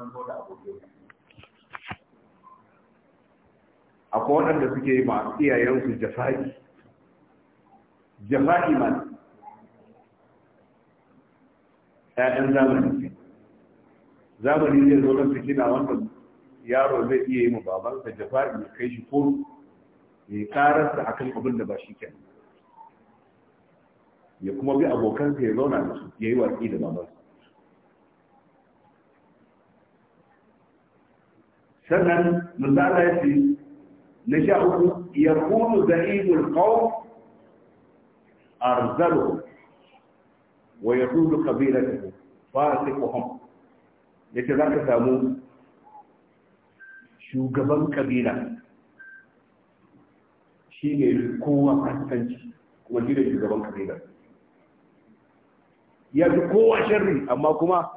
mun zo da abokai akwai waɗanda suke ma iyayensu jafa'i jafa'i ma 'ya'yan zamani ce zamani zai zo kansu kina wanda yaro zai iya yi ma babansa jafa'i ya kai shi ko ya kararsa akan abin da ba shi kenan ya kuma bi abokansa ya zauna da su ya yi watsi da babansa sannan misala ya ce na sha uku ya kunu kawo a zaro wa yadulu Ya ce za ka samu shugaban kabila shi ne kowa kasance kuma shi ne shugaban kabila ya fi kowa shirri amma kuma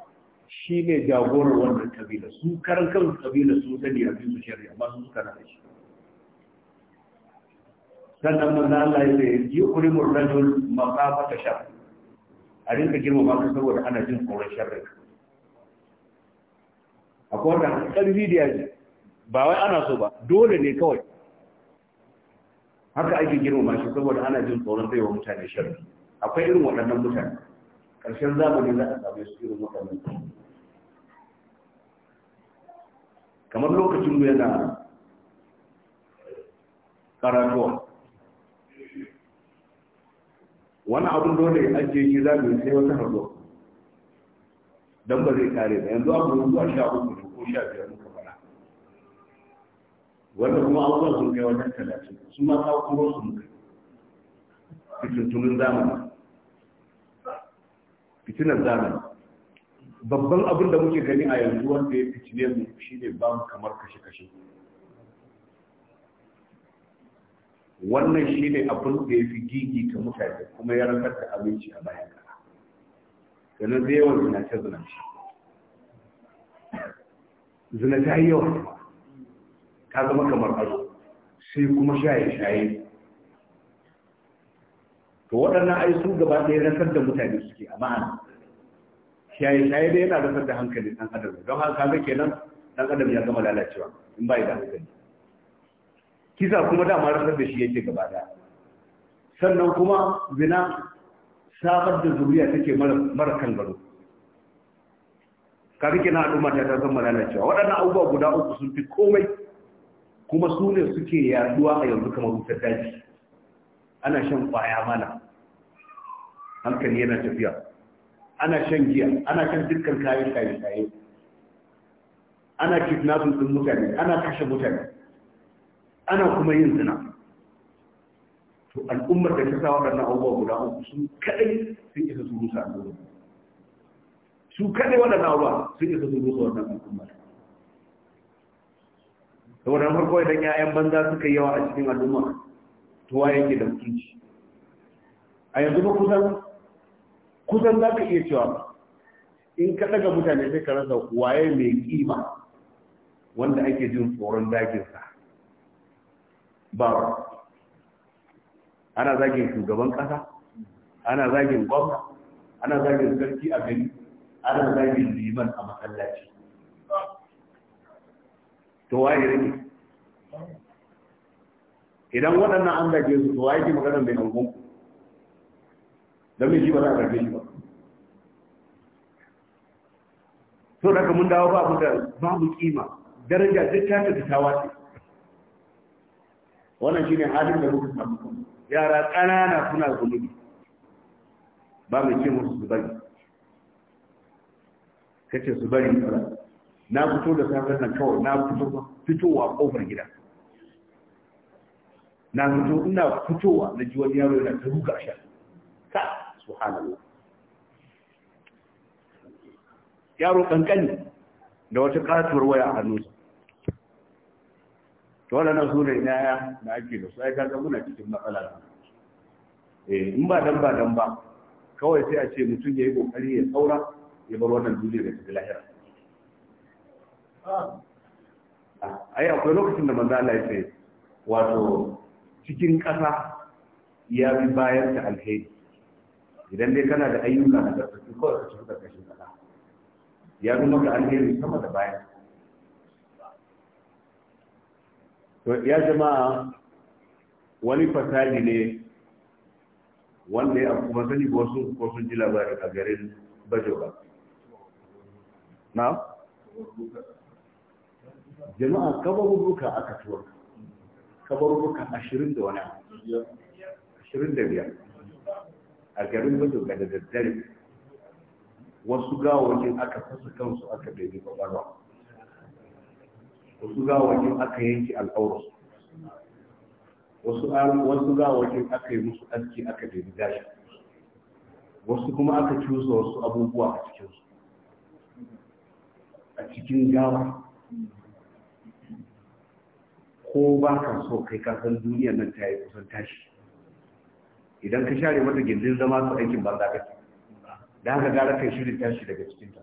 shi ne jagorar wannan kabila su karan kan kabila su ta ne a su shari'a ba su suka rana shi sannan na Allah ya ce yi kurimur rajul ta sha a rinka girmama ka saboda ana jin tsoron sharri akwai wanda ƙarfi da yaji ba wai ana so ba dole ne kawai haka ake girmama shi saboda ana jin tsoron zai wa mutane sharri akwai irin waɗannan mutane ƙarshen zamani za a same su irin waɗannan kamar lokacin da yana karatuwa wani abin dole ajiye shi za mu yi sai wata hazo don ba zai kare ba yanzu abu zuwa sha uku ko sha biyar muka fara wanda kuma abubuwan sun kai wajen talatin su ma kawo kuma su muka fitintunin zamani fitinar zamani babban abin da muke gani a yanzu wanda ya fitine mu shine ba mu kamar kashe-kashe wannan shine abin da ya fi gigi ta mutane kuma ya rantar da abinci a bayan kara ganin zai yawan zinace zinace zinace yawa ta zama kamar ado sai kuma shaye shaye to waɗannan ai su gaba ɗaya rasar da mutane suke a ma'ana shaye shaye da yana rasar da hankali ɗan adam don haka ga kenan ɗan adam ya gama lalacewa in ba da hankali kisa kuma dama rasar da shi yake gaba ɗaya sannan kuma zina sabar da zuriya take mara kan gado kaga kenan al'umma ta ta zama lalacewa waɗannan abubuwa guda uku sun fi komai kuma su ne suke yaduwa a yanzu kamar wutar daji ana shan kwaya mana hankali yana tafiya ana shan giya ana kan dukkan kayan shaye-shaye ana kidnapping din mutane ana kashe mutane ana kuma yin zina to al'ummar da ta sa waɗannan abubuwa guda uku su kaɗai sun isa su rusa al'ummar su kaɗai waɗannan abubuwa sun isa su rusa wannan al'ummar saboda farko idan 'ya'yan banza suka yawa a cikin al'umma to waye ke da mutunci a yanzu ba kusan kusan za ka iya cewa in ka daga mutane sai ka rasa waye mai kima wanda ake jin tsoron zaginsa ba ana zagin shugaban kasa ana zagin gwamna ana zagin sarki a gari ana zagin liman a masallaci to waye rike idan waɗannan an zage su to waye ke magana mai hangon don mai shi ba za a karfe shi ba so da mun dawo ba mu da babu kima daraja duk ta tafi ta wace wannan shine halin da muka samu kanmu yara ƙanana suna zunubi ba mai ce musu su bari kace su bari na fito da safar nan kawai na fito fitowa kofar gida na fito ina fitowa na ji wani yaro yana ta ruga sha ka subhanallah yaro kankani da wata katuwar waya a hannunsa to na su ina yaya na ake da su ka muna cikin matsala eh, in ba dan ba dan ba kawai sai a ce mutum ya yi kokari ya saura ya bar wannan duniya da tafi lahira ai akwai lokacin da manzo Allah ya ce wato cikin ƙasa ya bi bayan ta alheri idan dai kana da ayyuka na karfafi kawai ka shiga karkashin kasa ya zama ka alheri sama da baya to ya zama wani fasali ne wanda ya kuma sani ko sun ko sun ji labarin a garin bajo ba na jama'a kabaruruka aka tuwa kabaruruka ashirin da wani ashirin da biyar a garin ga da daddare wasu gawaje aka fasa kansu aka daidai kwakwalwa wasu gawaje aka yanki al'aurarsu wasu gawaje aka yi musu aski aka daidai gashi wasu kuma aka cusa wasu abubuwa a cikinsu a cikin gawa ko ba ka so kai kasan duniya nan ta yi kusan tashi idan ka share mata gindin zama su aikin banza ce da haka gara kai shirin tashi daga cikinta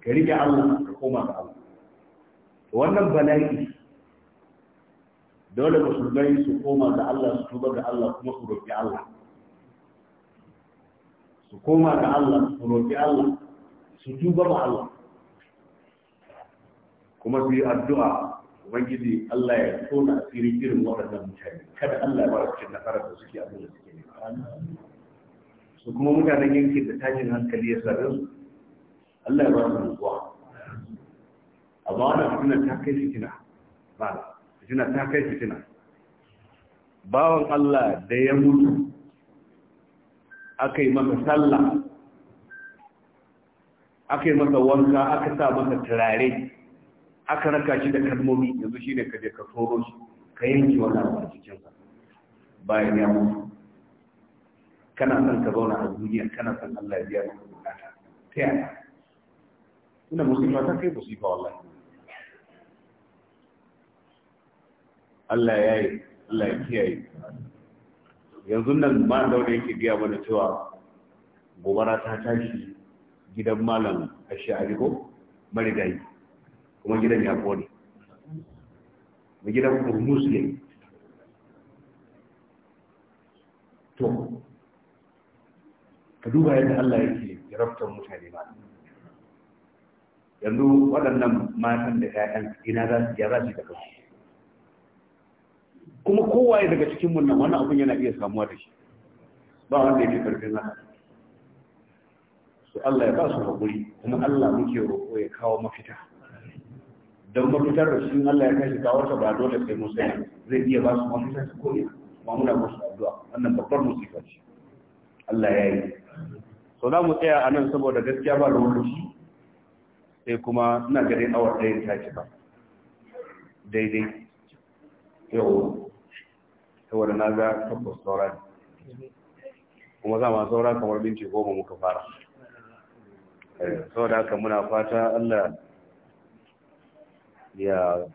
ka rike allah ka koma ga allah wannan bala'i dole musulmai su koma ga allah su tuba ga allah kuma su roƙi allah su koma ga allah su roƙi allah su tuba ga allah kuma su yi addu'a ubangiji Allah ya tona asiri irin waɗannan mutane kada Allah ya ba su cikin nasarar da suke abin da suke ne su kuma mutanen yanki da tashin hankali ya sarar su Allah ya ba su nutsuwa amma wannan fitina ta kai fitina ba fitina ta kai fitina bawan Allah da ya mutu aka yi masa sallah aka yi masa wanka aka sa masa turare aka raka shi da kalmomi yanzu shi ne ka ka toro shi ka yanki wani abu a cikinsa bayan ya mutu kana son ka zauna a duniya kana son Allah ya biya maka bukata ta yaya ina musulma ta kai musifa wallahi Allah ya yi Allah ya kiyaye yanzu nan ma da wani yake biya mana cewa gobara ta tashi gidan malam ashari ko marigayi kuma gidan ya kone ma gidan hormuz ne to ka duba yadda Allah yake jarabtar mutane ba yanzu waɗannan matan da ƴaƴan ina za su ya su daga kuma kowaye daga cikin mun nan wannan abin yana iya samuwa da shi ba wanda yake karfin haka su Allah ya ba su haƙuri kuma Allah muke roƙo ya kawo mafita don mafitar da shi Allah ya kashi kawo ta ba dole sai sai zai iya ba su mafita su ko'ina ma muna musu addu'a wannan babbar musifa ce Allah ya yi so za mu tsaya a nan saboda gaskiya ba shi sai kuma ina ganin awar ɗayan ta ci ba daidai yau saboda na ga tabbas saura ne kuma za ma saura kamar binci goma muka fara eh, saboda haka muna fata Allah ya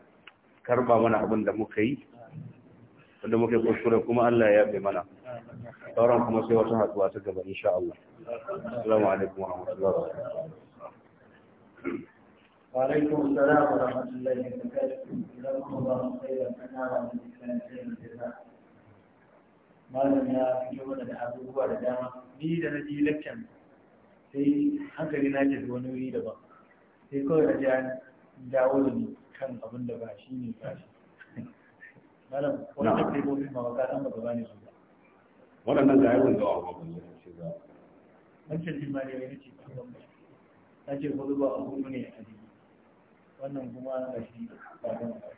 karba mana abin da muka yi wanda muka yi kuskure kuma Allah ya bai mana sauran kuma sai wata haɗuwa ta gaba insha Allah assalamu alaikum wa wa barakatuh wa wa sai da kana da malam ya fito hankali na ke da wani daban sai kawai da dawo da ni kan abin da ba shi ne ba shi malam wani kalmomin ma ba ka ba gane su ba waɗannan ga yawan zuwa ba ban zai ce ba wancan limani ya ce ba. ta ce ko zuwa abu ne a jiki wannan kuma na shi ba ban ba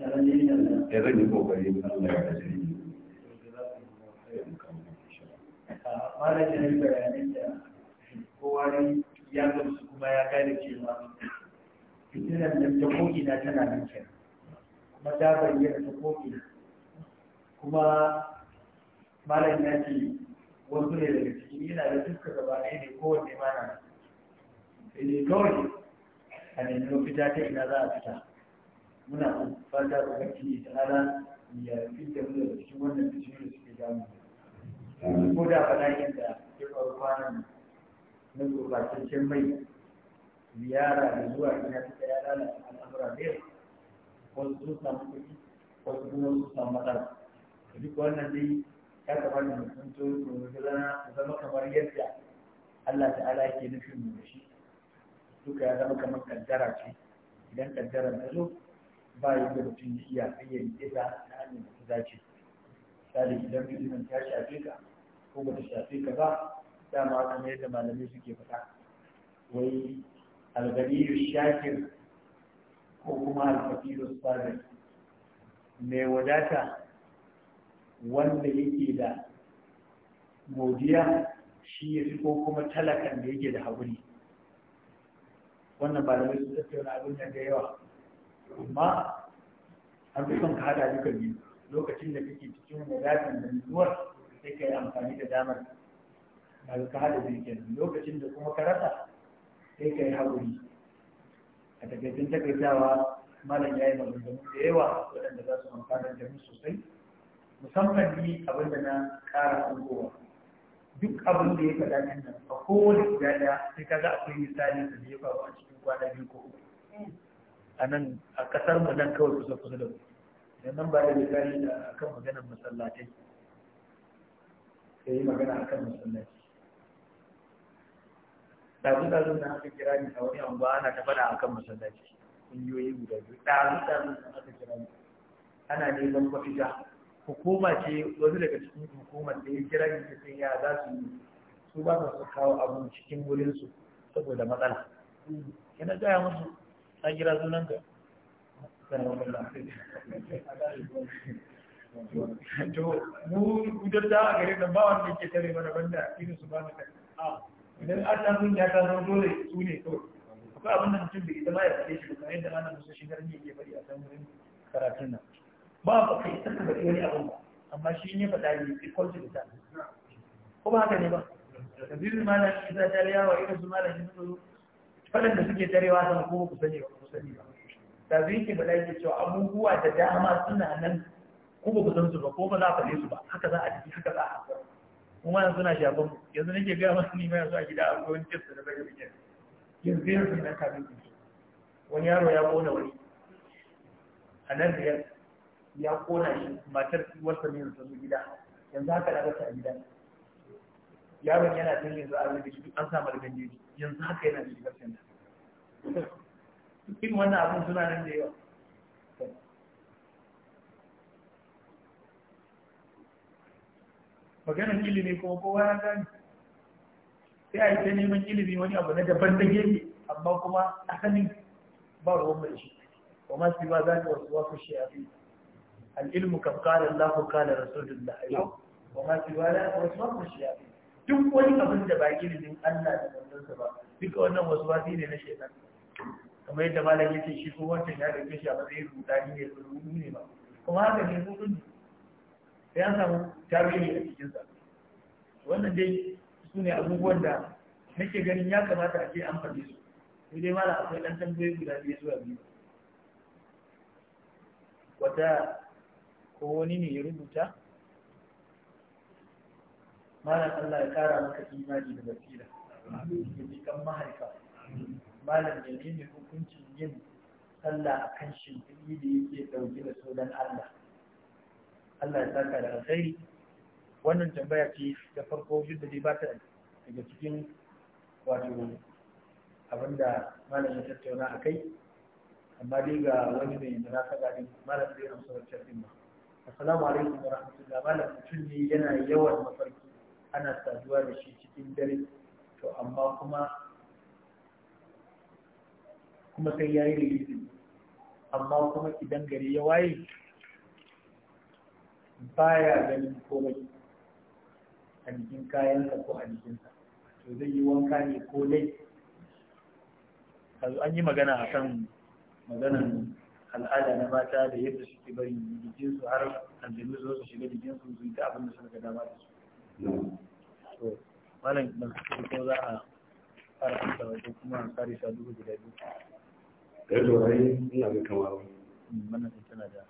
ya zan yi kokari na Allah ya kashe ni malam ya yi bayanin da kowa ya gamsu kuma ya gane cewa fitinan nan ta ko'ina tana nan kenan kuma ta bayyana ta ko'ina kuma malam ya ce wasu ne daga cikin yana da duka gaba ɗaya ne kowanne wanne mana. kawai a nemi mafita ta ina za a fita muna fata ubangiji ta ala ya fita mu daga cikin wannan fitinan da suke damu ko da faɗa yadda ya faru kwanan na gurbataccen mai ziyara da zuwa ina suka ya a al'amura da yau wasu sun samu kuɗi wasu kuma sun samu matsala duk wannan dai ya kamata mu san to mu zama kamar yadda Allah ta'ala yake nufin mu da shi duka ya zama kamar kaddara ce idan kaddara ta zo ba da mutum ya iya ayyan ita na hanyar da ta dace misali idan mutumin ya shafe ka ko ba ta shafe ka ba dama kamar yadda malamai suke faɗa wai alganiyu shakir ko kuma alfakiru sabir mai wadata wanda yake da godiya shi ya fi ko kuma talakan da yake da haƙuri wannan malamai su tattauna abin da yawa amma an fi son ka haɗa duka biyu lokacin da kake cikin wadatar da nutsuwar sai ka yi amfani da damar ba ka haɗa biyu kenan lokacin da kuma ka rasa sai ka yi haƙuri a takaitun takaitawa malam ya yi maganganu da yawa waɗanda za su amfana da mu sosai musamman ni abin da na ƙara hankowa duk abin da ya faɗa ɗin nan a kowane guda ɗaya sai kaga akwai misali da ya faru a cikin kwana biyu ko uku a nan a ƙasar mu nan kawai kusa kusa da mu nan ba da misali da akan maganar masallatai sai magana akan masallaci ɗazu-ɗazu na aka kira ni a wani anguwa ana ta faɗa akan masallaci ƙungiyoyi guda biyu ɗazu-ɗazu na aka kira ni ana neman mafita hukuma ce wasu daga cikin hukumar da ya kira ni ta ya za su yi su ba su kawo abu cikin wurinsu saboda matsala yana gaya musu ta kira sunanka to mu gudar da a gare nan ba wanda ke tare mana banda irin su ba mu kai idan an sun ya kasar dole su ne kawai akwai abin da mutum bai zama ya faɗe shi ba yadda ana musu shigar ne ke bari a kan wurin karatun nan ba ba kai ta ba wani abin ba amma shi ne faɗa ne sai kwanci da ta ko ba haka ne ba da zirin na shi za ta riyawa irin su malam shi su faɗan da suke tarewa sama ko ku sani ba ku sani ba da zirin ke faɗa yake cewa abubuwa da dama suna nan ko ba ku san su ba ko ba za a faɗe su ba haka za a ciki haka za a hankali kuma yanzu na shafan yanzu nake gaya masu nima yanzu a gida a wani cinsu da zai rikin yanzu sun na kamin cinsu wani yaro ya kona wani a nan da ya kona shi matar wasa ne yanzu su gida yanzu haka na rasa a gida yaron yana tun yanzu a wani shi an samar rikin yanzu haka yana da jikar sanda irin wannan abin suna nan da yawa maganin ilimi kuma kowa ya gani sai a yi ta neman ilimi wani abu na daban da gefe amma kuma asalin ba ruwan mai shi wa ma ba za ka wasu wasu shi a fi al'ilmu kan kala Allah kala rasulullah yau wa ma ba za ta wasu wasu shi a fi duk wani abin da ba ilimin Allah da manzansa ba duka wannan wasu wasu ne na shekar kamar yadda malam ce shi ko wancan ya dauke shi a matsayin rudani ne rudani ne ba kuma haka ne rudani sai an samu tarihi a cikinsa wannan dai su ne abubuwan da nake ganin ya kamata a ce an faɗi su sai dai mala akwai ɗan tambayi guda biyu zuwa biyu wata ko wani ne ya rubuta malam Allah ya kara maka imani da basira da cikin mahaifa malam da ne hukuncin yin sallah a kan shimfiɗi da yake ɗauke da sodan Allah Allah ya saka da alkhairi wannan tambaya ce da farko duk da ba ta daga cikin wato abinda da ya tattauna a kai amma dai ga wani mai munasaba din malam zai amsa wancan din ba assalamu alaikum wa rahmatullah malam mutum ne yana yawan mafarki ana saduwa da shi cikin dare to amma kuma kuma sai ya yi amma kuma idan gari ya waye baya ganin komai a jikin kayansa ko a jikinsa to zai yi wanka ne ko dai an yi magana a kan maganan al'ada na mata da yadda suke bari jikinsu har aljanu zo su shiga jikinsu su yi ta abin da suka ga dama da su to malam ban su ko za a fara amsa wato kuma a kare sa dubu guda biyu. Ɗaya eh to ai ina ga kamar. Hmm, wannan tana da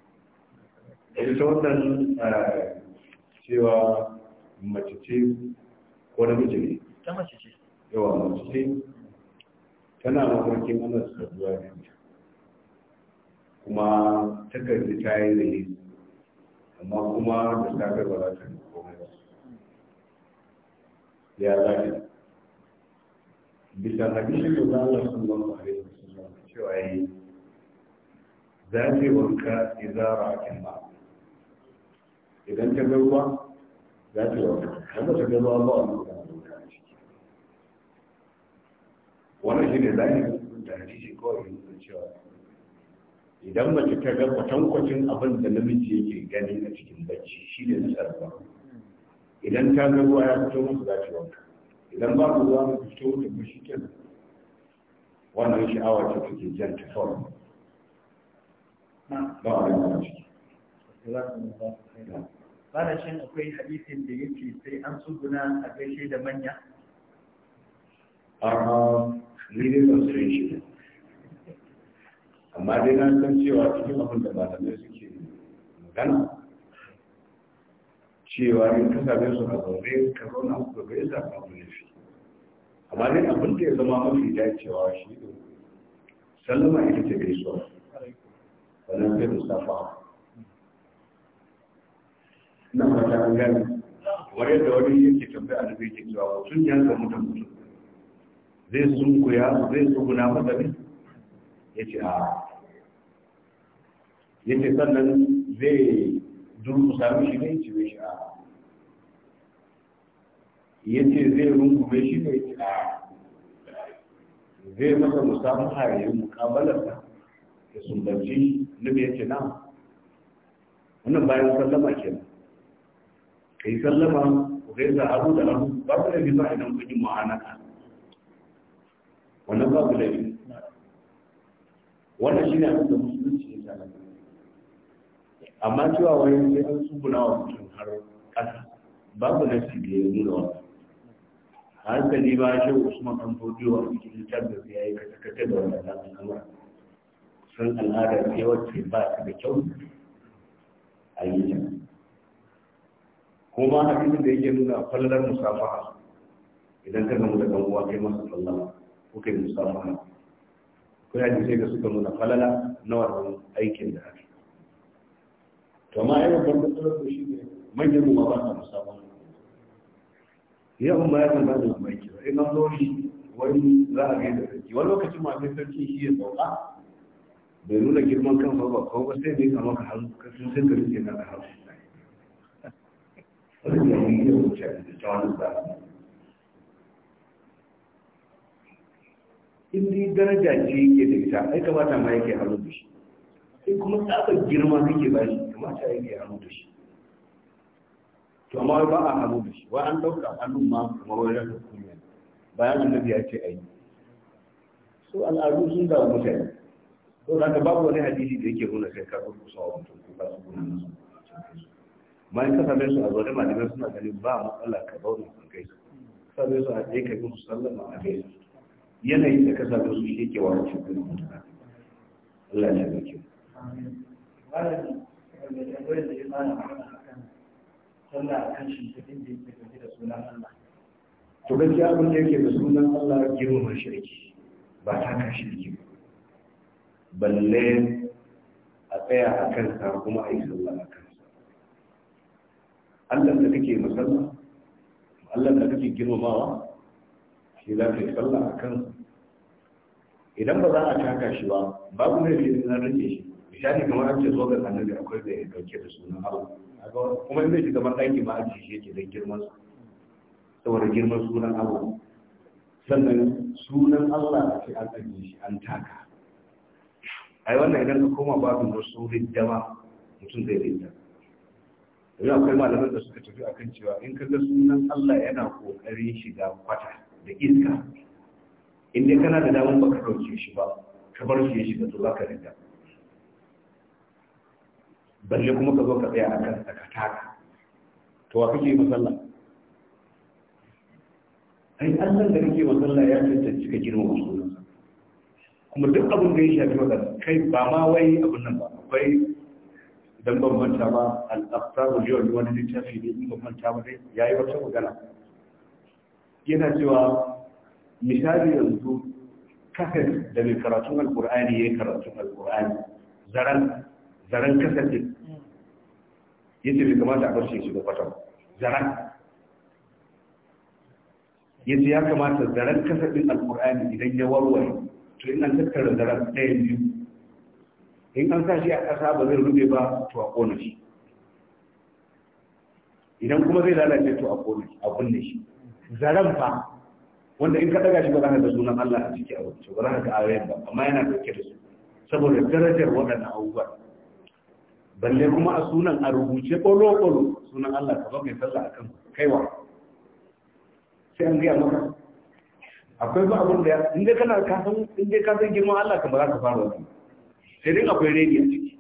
ita wannan eh, cewa macice ko na miji ne ta macice yawa macice tana mafarkin ana suka zuwa da kuma ta karfi ta yi ne amma kuma da safe ba za ta yi komai ba ya za ta bisa hadisin da za a sun ba mu alaihi wasallam cewa yi za ta yi wanka idza ra'atin ba idan ta ga ruwa za ta yi wata kan ta ga ruwa ba wani ruwa da a ciki wannan shi ne zahiri da hadisi kawai yin cewa idan mace ta ga kwatankwacin abin da namiji yake gani a cikin bacci shi ne na sarrafa idan ta ga ruwa ya fito musu za ta yi wata. idan ba ku ruwa ta fito wata ba shi kenan wannan sha'awa ce take jan ta kawai ba a yi ciki. bana akwai hadisin da yake sai an tsuguna a gaishe da manya ni dai ba su shi amma dai na san cewa cikin abin da ba malamai suke magana cewa yin ka same su a zaune ka zauna ku ga yadda ka mu nufi amma dai abin da ya zama mafi dacewa shi ne sallama ita ce gaisuwa wannan sai mustafa na mata an gani kamar yadda wani yake tambaya da zai yake wa sun ya ga mutum mutum zai sunkuya zai tsuguna masa ne ya ce a ya ce sannan zai durkusa shi ne ya ce shi a ya ce zai rungume shi ne ya ce a zai masa musamman hayayi mukabalarsa ya sumbace shi nufi ya ce na wannan bayan sallama kenan Kai sallama ku kai da abu da abu ba ku laifi ba idan kun yi mu'anaka wannan ba ku laifi wannan shi ne abin da musulunci ya tana amma cewa wani sai an tsuguna wa mutum har ƙasa babu nasi da ya nuna wannan hankali ba shi usman an fodiyo wa cikin littafin da ya yi kata-kata da wannan kamar sun al'adar ce wacce ba ta da kyau a yi jama'a kuma hadisin da yake nuna fallar musafaha idan ka gamu da kan uwa kai masa sallama ko kai musafaha ko ya sai da suka nuna falala na wannan aikin da ake to ma yana ai babban da shi ne manyan mu ba ta musafaha yawan ma ya san da mai kira idan zo shi wani za a gaida sarki wani lokacin ma sai sarki shi ya sauka bai nuna girman kan ba ko ba sai ne kamar ka hannu ka sun sai ka rike na ka hannu But we are reading the chapter, the John is that. In the daraja ce yake da ita, ai kamata ma yake hannu da shi. In kuma tsabar girma kake ba shi, kamata yake hannu da shi. To amma ba a hannu da shi, wai an ɗauka hannun ma kamar wani rasa kunya. Bayan annabi ya ce a yi. So al'adu sun dawo mutane. to daga babu wani hadisi da yake nuna kai ka rubuta wa mutum ko ka tsubuna masa bayan ka same su a zaune malamai suna ganin ba matsala ka zauna a kai same su a tsaye ka musu sallama a gaisa yanayin da ka same su shi ke wani cikin mutane Allah ya ga ki to gaskiya abin da yake da sunan Allah girmama shirki ba ta kan shirki balle a tsaya a kansa kuma a yi sallah a kansa Allah da kake musalla Allah da kake girmamawa shi za ka yi sallah a kan idan ba za a taka shi ba babu ne da na rage shi misali kamar an ce zo ga annabi da akwai da ya dauke da sunan Allah kuma in zai shiga ban ɗaki ma an shi yake don girman su saboda girman sunan Allah sannan sunan Allah a ce an ɗage shi an taka ai wannan idan ka koma babu wasu jama mutum zai rinta yau akwai malaman da suka tafi akan cewa in ka ga sunan Allah yana kokarin shiga kwata da iska in dai kana da damar baka dauke shi ba ka bar shi ya shiga to zaka rinda balle kuma ka zo ka tsaya a akan tsakataka to wa kake masalla ai Allah da kake masalla ya tantance ka girma sunan kuma duk abin da ya shafi magana, kai ba ma wai abin nan ba akwai don ban manta ba al'aftar yau wani littafi ne in ban manta ba dai ya yi wata magana yana cewa misali yanzu kafin da mai karatun alkur'ani ya yi karatun alkur'ani zaren zaren kasafin ya ce bai kamata a barshe shi da kwatan zaren ya ce ya kamata zaren al qurani idan ya warware to ina tattara zaren ɗaya biyu in an sa shi a ƙasa ba zai rube ba to a ƙona shi idan kuma zai lalace to a ƙona shi a kunne shi zaren fa wanda in ka daga shi ba za ka ga sunan Allah a ciki a wuce ba za ka ga ayoyin ba amma yana dauke da su saboda darajar waɗannan abubuwa balle kuma a sunan a rubuce ƙolo-ƙolo sunan Allah ka ba mai sallah akan kaiwa sai an gaya maka akwai ba abin da ya inda kana kasan inda ka san girman Allah ka ba za ka fara wani sai dai akwai rediyo ciki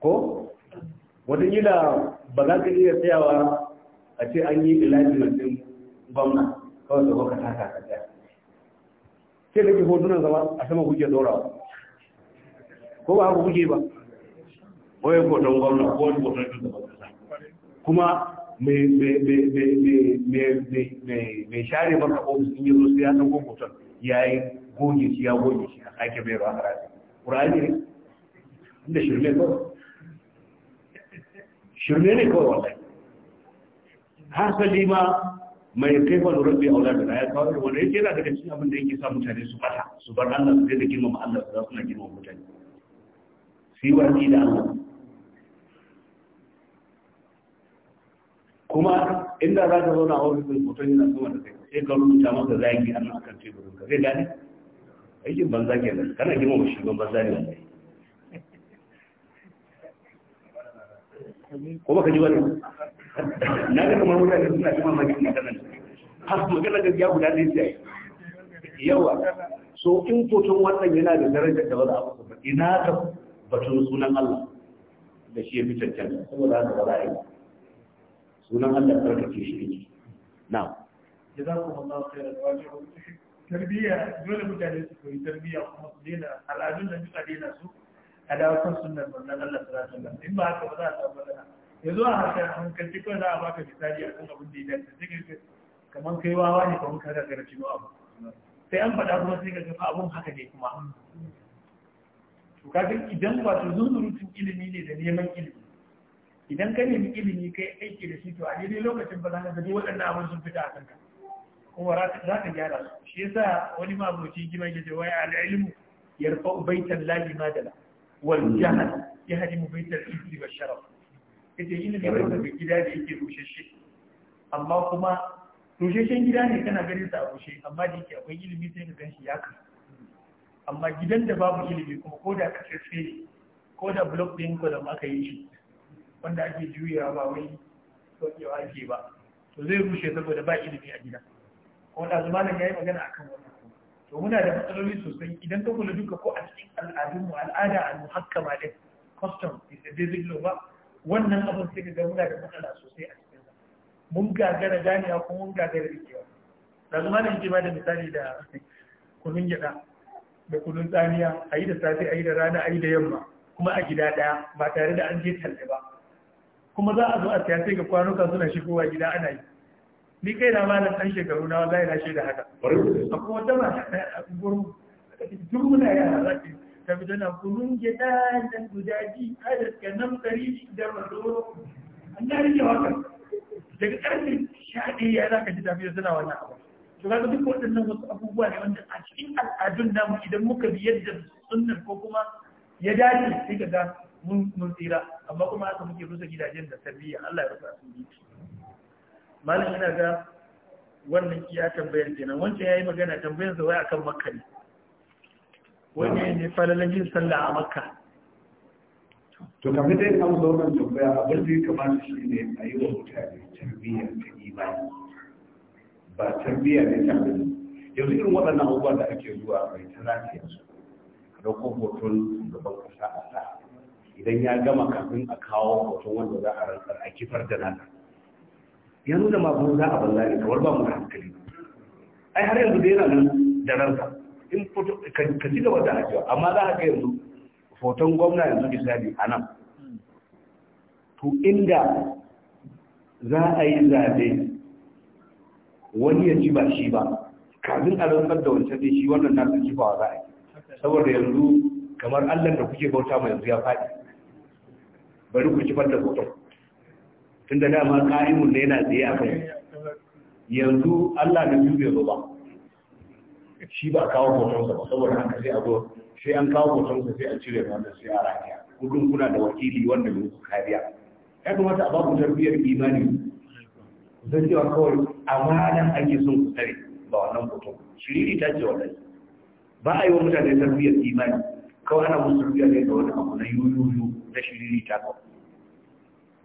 ko watakila ba za ka iya tsayawa a ce an yi ilajinan din gwamna kawai da kuka ta ka ta sai da ke hotunan zama a sama kuke dorawa ko ba haka kuke ba wai hoton gwamna ko wani hoton shi da ba kuma mai share maka ofis in yi zo sai ya san hoton yayin goge shi ya goge shi a kake bai ruwa harafi ƙur'ani ne inda shirme ko shirme ne kawai wallahi hasali ma mai kaifa da rabbi aula da ya kawo wanda yake yana daga cikin abin da yake sa mutane su bata su bar Allah su daina ma Allah su na suna mutane su yi wasi da Allah kuma inda za ka zauna a wurin mutum yana sama da kai sai ka rubuta masa zagi a nan akan teburin ka zai gane aikin banza ke nan kana girma shi shugaban banza ne wallahi ko baka ji wani na ga kamar mutane suna ji mamaki ne kanan har magana da ya guda ɗaya yi. yawa so in hoton wannan yana da darajar da ba za a fasa ina ka batun sunan Allah da shi ya fi cancan saboda haka ba za a yi sunan Allah tsarkake shi ne na. jazakumullahu khairan wa jazakumullahu tarbiyya dole mutane su koyi tarbiyya kuma su daina al'adun da suka daina su a dawakan sunan sunnar manzon Allah sallallahu alaihi wasallam in ba haka ba za a samu matsala yanzu a an hankalci kawai za a baka misali a kan abin da ya dace sai ka kamar kai wawa ne kamar ka gagara ba abu sai an faɗa kuma sai ka gaba abun haka ne kuma to kaga idan wato tun ilimi ne da neman ilimi idan ka nemi ilimi kai aiki da shi to a daidai lokacin ba za ka gaji waɗannan abin sun fita a kanka kuma za ka gyara su shi yasa wani mabuci gima ke cewa ya al'ilmu ya rufa ubaitan lahi madala wal jahal ya hadi mu baitar ibli wa sharaf kace ina ne wanda bai gida da yake rusheshe amma kuma rusheshen gida ne kana ganin sa a rushe amma da yake akwai ilimi sai ka gan shi ya kasu amma gidan da babu ilimi kuma ko da kasashe ne ko da blok ɗin ko da aka yi shi wanda ake juyawa ba wai sauƙewa ake ba to zai rushe saboda ba ilimi a gidan wanda zumanin ya yi magana a kan wannan to muna da matsaloli sosai idan ta kula duka ko a cikin al'adunmu al'ada a muhakkama da custom is a basic law ba wannan abin sai ga muna da matsala sosai a cikin sa mun gagara ganiya ko mun gagara rikewa da zumanin ke ba da misali da kunun gyada da kunun tsamiya a yi da safe a yi da rana a yi da yamma kuma a gida ɗaya ba tare da an je talle ba kuma za a zo a siyasai ga kwanuka suna shigowa gida ana yi ni kai da malam ɗan shekaru na wallahi na shaida haka akwai wata mata a gurin duk muna yara za ki ta fi na kunun gida da gudaji adad ka nan kari da mazoro an ya rike waka daga ƙarfe shaɗi ya za ka ji tafiya suna wannan abu to ga duk waɗannan wasu abubuwa ne wanda a cikin al'adun namu idan muka bi yadda sunnar ko kuma ya dace sai ka ga mun tsira amma kuma haka muke rusa gidajen da tarbiyya Allah ya rusa asibiti malin ina ga wannan iya tambayar kenan wancan yi magana tambayar sa wai akan makka ne wani ne falalan yin sallah a makka to kamar dai an zo nan tambaya abin da ya kamata shi ne a yi wa mutane tarbiyya ta imani ba tarbiyya ne ta abin yanzu irin waɗannan abubuwa da ake zuwa mai ta zafi yanzu a ɗauko hoton gaban ƙasa a sa idan ya gama kafin a kawo hoton wanda za a rantsar a kifar da nan ya nuna ma kuma za a balla ne kamar ba mu da hankali ai har yanzu da yana nan da ranka in foto ka ci gaba da amma za ka ga yanzu foton gwamna yanzu misali a nan to inda za a yi zabe wani ya ci ba shi ba kafin a rantsar da wancan dai shi wannan na ci ba za a yi saboda yanzu kamar allah da kuke bauta mai yanzu ya faɗi bari ku ci da hoton tun da dama ƙa'imun da yana tsaye a kai yanzu Allah da biyu bai ba shi ba kawo hotonsa ba saboda haka sai a zo sai an kawo hotonsa sai a cire wanda sai a rafiya kudin kuna da wakili wanda bai ku kariya ya kamata a babu ku tarbiyyar imani zan cewa kawai amanan ake son ku tare ba wannan hoton shiriri ta ce wannan ba a yi wa mutane tarbiyyar imani kawai ana musu tarbiyyar ne da wani abu na yuyuyu na shiriri ta kawai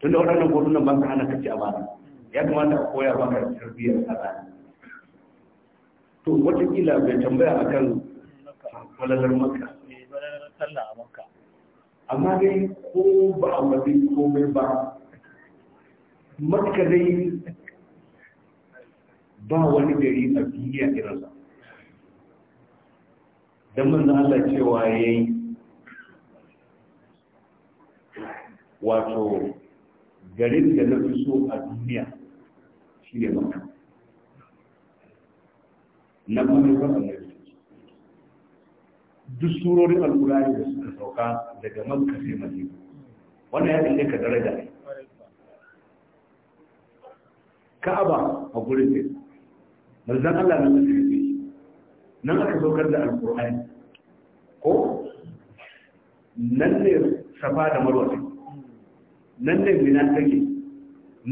tunda waɗannan gorunan ba su hana kaci a bana ya kamata a koya baka tarbiyyar a bana to watakila bai tambaya a kan falalar maka eh, amma dai ko ba a wani komai ba maka dai ba wani gari a duniya irinsa don manzan Allah cewa ya yi wato garin da na fi so a duniya shi ne maka na kuma manufar annabi duk surorin alkurani da suka sauka daga makka sai madina wannan ya kalle ka daraja ne ka'aba a gurin ne manzan Allah na musulmi nan aka saukar da alkur'ani ko nan ne safa da marwa nan ne minan take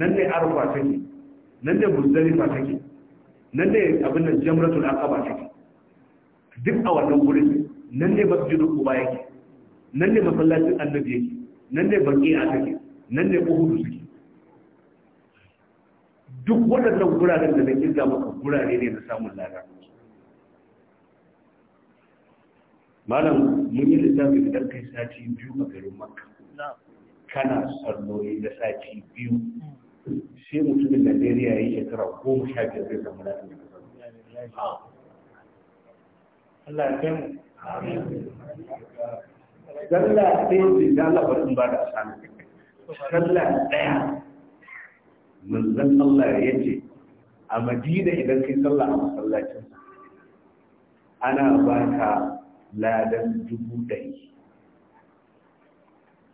nan ne arfa take nan ne muzdalifa take nan ne abin da jamratul aqaba take duk a wannan gurin nan ne masjidu quba yake nan ne masallacin annabi yake nan ne baqi'a take nan ne uhud take duk waɗannan guraren da na ga maka gurare ne na samun lada malam mun yi lissafi idan kai sati biyu a garin makka kana salloli na sati biyu sai mutumin najeriya ya yi shekara goma sha biyar zai samu lafiya Allah ya mu. Sallah ɗaya ce da Allah in ba da asana. Sallah ɗaya manzon Allah ya ce a Madina idan kai sallah a masallacin ana ba ka ladan dubu ɗari.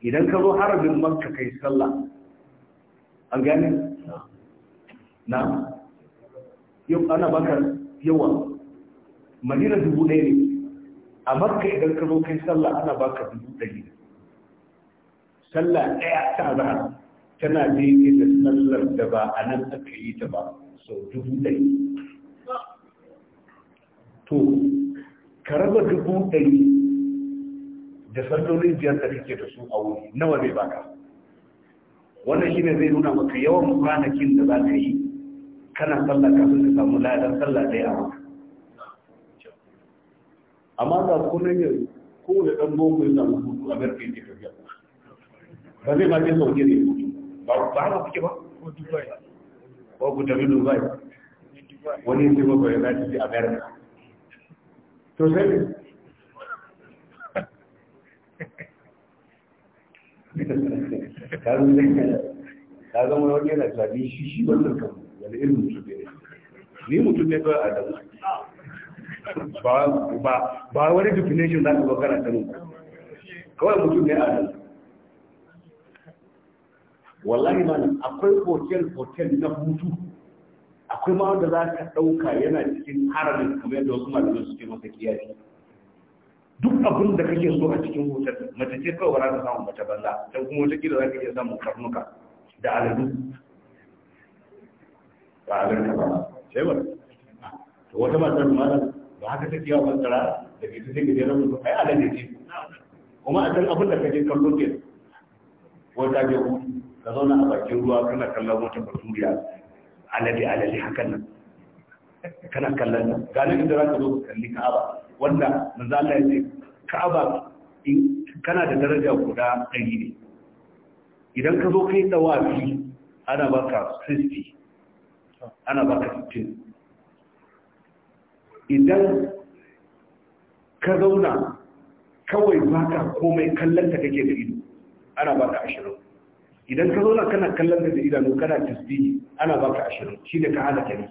idan ka zo harabin makka kai sallah an gane na yau ana baka yawa madina dubu ɗaya ne a makka idan ka zo kai sallah ana baka dubu ɗari sallah ɗaya ta azhar tana daidai da sallar da ba a nan aka yi ta ba sau dubu ɗari to ka raba dubu ɗari da sallolin biyar da kake da su a wuri nawa zai baka wannan shine zai nuna maka yawan kwanakin da za ka yi kana sallah kafin ka samu ladan sallah ɗaya a maka amma ga kunan ko da ɗan boko yana hutu a garfe ke tafiya ba zai ma ke sauke ne ba ba haka kuke ba ko dubai ko ku tafi dubai wani sai ba ya zaci a garfe to sai ka zama wani yana tunani shi shi wannan kan wani irin mutum ne ni mutum ne kawai adamu ba wani definition za ka ba kana sanin kawai mutum ne adamu wallahi malam akwai hotel hotel na hutu akwai ma wanda za ka ɗauka yana cikin haramin kamar yadda wasu malamai suke masa kiyaye duk abin da kake so a cikin hotel mace ce kawai za ta samu mace banza don kuma wata kila za ka iya samun karnuka da aladu ba ganta ba sai ba ah, to wata matar malam ba haka take yawa tsara da ke cikin gajeren ba ai alade ce kuma a san abin da kake kallo ke wata ke ku ka zauna a bakin ruwa kana kallon wata baturiya alade alade hakan nan kana kallon ganin inda za ka zo ka kalli ka'aba wanda manzo Allah ya ce Ka'aba in kana da daraja guda 100 ne idan ka zo kai tsawafi ana baka 60 ana baka 60 idan ka zauna kawai baka komai kallon ta kake da ido ana baka 20 idan ka zo na kana kallon da idanu kana tasbihi ana baka 20 shi ne ka halaka ne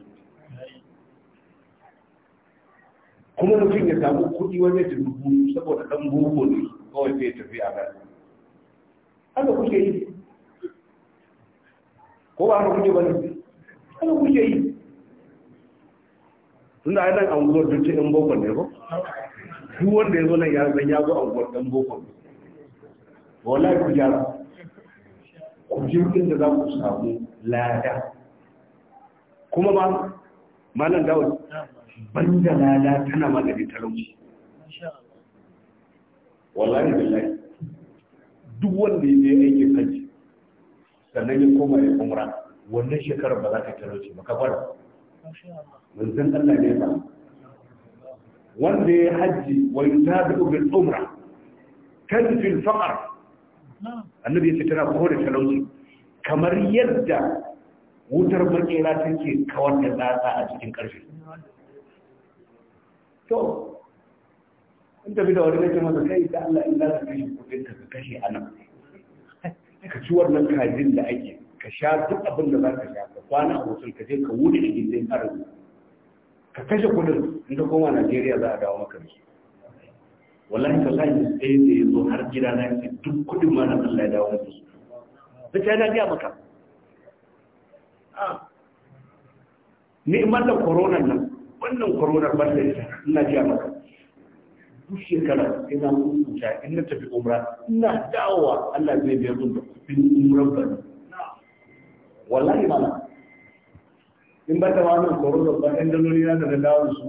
kuma mutum ya samu kuɗi wani dubu saboda ɗan buhu ne kawai zai tafi a nan haka kuke yi ko ba haka kuke ba ne haka kuke yi tunda a nan anguwar duk in bokon ne ko duk wanda ya zo nan ya zan yago an anguwar ɗan bokon ne wala ku jara ku jirgin da za ku samu lada kuma ba malam dawud banda lala tana maganin talauci wallahi billahi duk wanda ya yi aikin kanci sannan ya koma ya umra wannan shekarar ba za ka talauci ba ka fara san Allah ne ba wanda ya hajji wa yutabi'u bil umra kan fil fa'ar annabi ya ce tana da talauci kamar yadda wutar makera take kawar da tsatsa a cikin ƙarfi to in tafi da wani nake masa kai da Allah in za ka kashe kudin ka ka kashe a nan ka ci wannan kajin da ake ka sha duk abin da za ka sha ka kwana a hotel ka je ka wuce a gindin arziki ka kashe kudin in ka koma Najeriya za a dawo maka da shi wallahi tallahi sai da yanzu har gida na ce duk kudin ma na Allah ya dawo maka su da ah. ta na ga maka ni'imar da corona nan wannan corona ban ita ina ji maka duk shekara ina rubuta in na tafi umra ina dawowa Allah zai biya mun da kudin umran ban wallahi mana in ba ta wannan corona ba ɗan daloli na da dawo su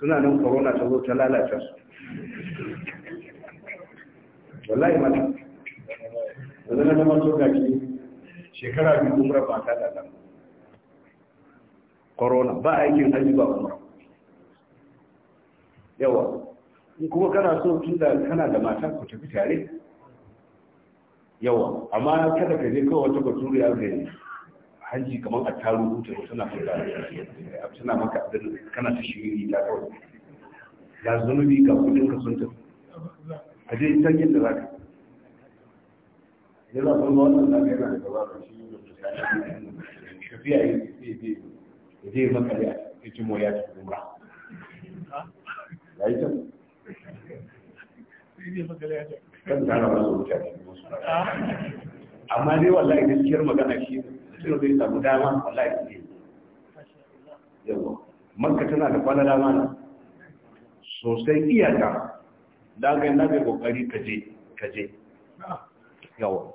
suna nan corona ta zo ta lalata su wallahi mana da zama to gashi shekara biyu umra ba ta da nan Korona, ba aikin hajji ba umra yawa in kuma kana so tun da kana da mata ku tafi tare yawa amma kada ka je kawai wata ya zai hanji kamar a taru hutu tana a tana maka abin kana ta yi ta kawai ya zunubi ga kudin ka sun tafi a je can za ka yana zama wannan zaga yana da gaba da shi tafiya yi zai maka da a cikin mu ya ci umra ya yi can kan tara masu mutane amma dai wallahi gaskiyar magana shi mutum zai samu dama wallahi ne yawa makka tana da kwana dama na sosai iyaka da ga yana mai kokari kaje kaje yawa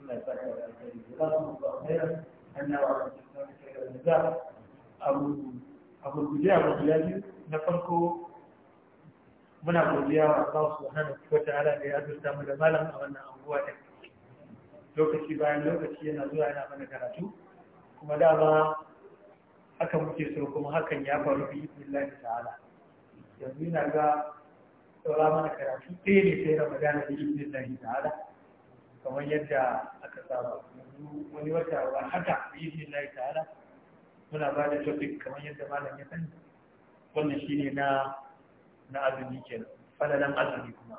Allah ya saka da alheri. Allah ya saka da alheri. a gurguje a na farko muna godiya su Allah subhanahu wa ta'ala da ya azurta mu da malam a wannan anguwa din lokaci bayan lokaci yana zuwa yana mana karatu kuma dama haka muke so kuma hakan ya faru bi billahi ta'ala yanzu ina ga saura mana karatu ɗaya ne sai ramadana da ta'ala kamar yadda aka saba wani wata wa haka bi ta'ala muna ba da topic kamar yadda malam ya sani wannan shine na na azumi kenan fadalan azumi kuma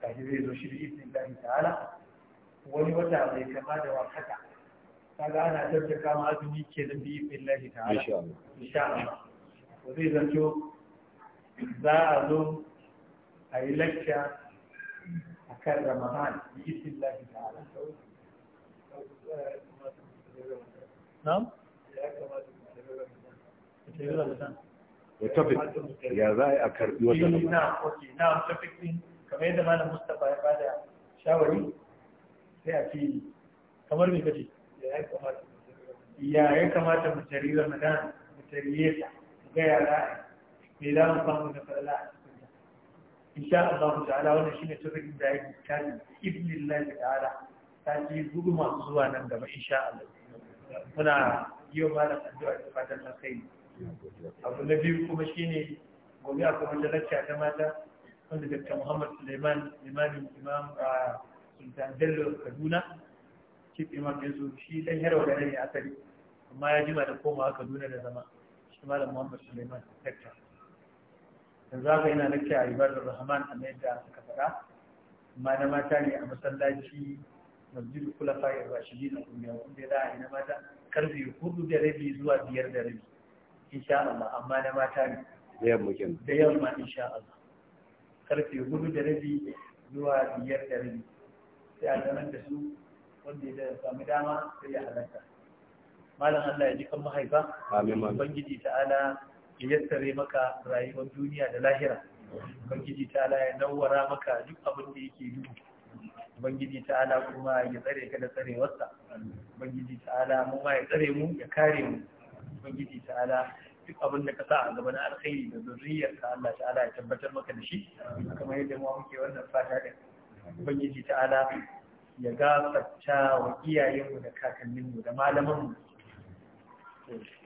kaji zai zo shi da izinin Allah ta'ala wani wata mai kama da wakata kaga ana tattaka kama azumi kenan bi billahi ta'ala insha Allah to zai zanto za a zo a yi lecture a kan ramadan bi izinin Allah ta'ala na'am ya topic ya za a karbi wata na ok na din kamar yadda malam mustapha ya bada shawari sai a kamar kace ya ya kamata mu tari ramadan mu tariye ta mu me za mu samu da fara insha Allah ta'ala wannan shine topic da ya kani ibnillahi ta'ala ta ji gudu masu zuwa nan gaba insha Allah muna yi wa malam addu'a da fatan alkhairi abu na biyu kuma shine gobe a kuma da lacca ta mata wanda dakta muhammad suleiman limamin imam a sultan bello kaduna chief imam yanzu shi dan yarwa da ne asali amma ya jima da komawa kaduna da zama shi malam muhammad suleiman dakta yanzu haka yana lacca a ibadur rahman a mai da suka faɗa amma na mata ne a masallaci masjidul kulafa na kuma yawon wanda ya za a yi na mata karfe hudu da rabi zuwa biyar da rabi insha Allah amma na mata ne da yamma kin da yamma insha Allah karfe hudu da rabi zuwa biyar da rabi sai a sanar da su wanda ya sami dama sai ya halarta malam Allah ya ji kan mahaifa amin Bangiji ta'ala ya yassare maka rayuwar duniya da lahira Bangiji ta'ala ya nawwara maka duk abin da yake duhu Bangiji ta'ala kuma ya tsare ka da tsarewarsa Bangiji ta'ala mu ma ya tsare mu ya kare mu ubangiji ta'ala duk abin da ka sa a gaba na alkhairi da zurriyar ka Allah ta'ala ya tabbatar maka da shi kamar yadda mu muke wannan fata da ubangiji ta'ala ya gafarta wa iyayenmu da kakanninmu da malamanmu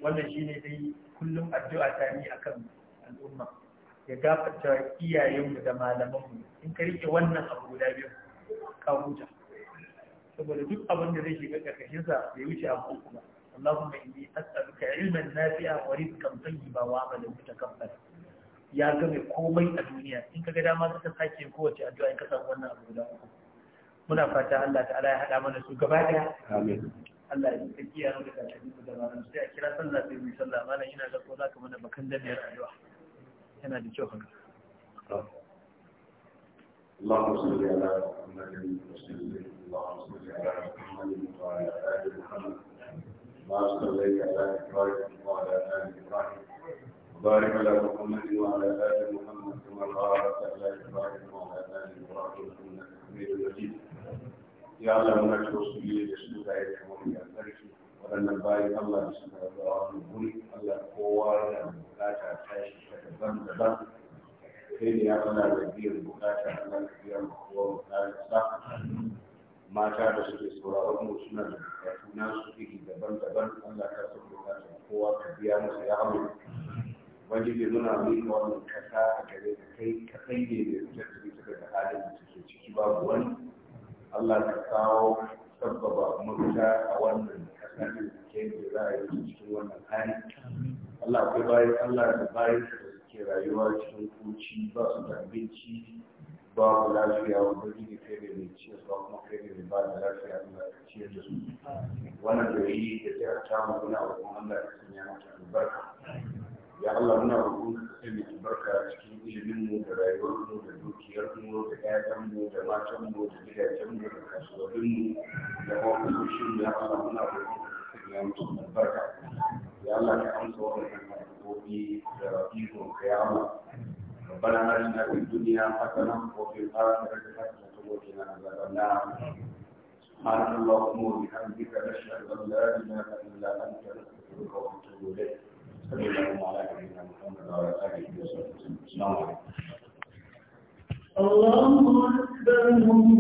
wannan shine dai kullum addu'a ta ni akan al'umma ya gafarta iyayenmu da malamanmu in ka rike wannan abu guda biyu ka huta saboda duk abin da zai shiga ƙarƙashinsa bai wuce abu uku ba اللهم إني أسألك علما نافعا ورزقا طيبا وعملا متكبرا يا كم كومي الدنيا إنك كذا ما تسحق يكوى تأدعى إنك تقولنا أبو الله من أفتى الله تعالى هذا من سوء كبار يا آمين الله يسكت يا رب العالمين وجزاهم الله خيرا صلى الله عليه وسلم أنا هنا أقول لك من بكن دم يا رجوع هنا دشوفنا اللهم صل على محمد وسلم اللهم صل على محمد وعلى آل محمد ما صليت على إبراهيم وعلى آل إبراهيم وبارك على محمد وعلى آل محمد كما باركت على إبراهيم وعلى آل إبراهيم إنك حميد مجيد يا الله منك توصلي لسنك يا حمد يا فرشي waɗannan bayan Allah da suka rabu a wani guri Allah kowa yana bukata ta shi ta daban daban sai da ya Allah da biyan bukata Allah da biyan kowa bukata mata da suke sauraron mu suna da bukatu nasu daban daban Allah ka so bukatun kowa ka biya musu ya abu ubangiji muna miƙa wannan kasa a gare ka kai ka tsaye da suka tafi suka da halin da suke ciki babu wani Allah ka kawo sabbaba mafita a wannan kasa da suke da za a yi cikin wannan hali Allah akwai bayan Allah da bayan da suke rayuwa cikin kuci ba su da abinci babu lafiya wani ne kai da mai ciyar ba kuma kai da mai ba da lafiya da ba ka ciyar da su wannan da yi da jihar tamu muna roƙon Allah ya sanya mata albarka ya Allah muna roƙon ka sanya albarka cikin ilimin mu da rayuwar mu da dukiyar mu da ƴaƴan mu da matan mu da gidajen mu da kasuwannin mu da kuma kusoshin ya Allah muna roƙon ka sanya mata albarka ya Allah ka amsa wannan addu'o'i da ikon ka ya Allah ربنا آتنا في الدنيا حسنة وفي الآخرة حسنة وقنا عذاب النار سبحانك اللهم وبحمدك نشهد أن لا إله إلا أنت نستغفرك ونتوب إليك صلى الله على نبينا محمد وعلى آله وصحبه وسلم السلام عليكم الله أكبر